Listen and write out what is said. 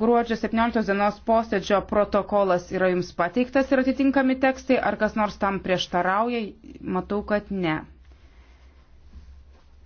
Gruodžio 17 dienos posėdžio protokolas yra jums pateiktas ir atitinkami tekstai, ar kas nors tam prieštarauja, matau, kad ne.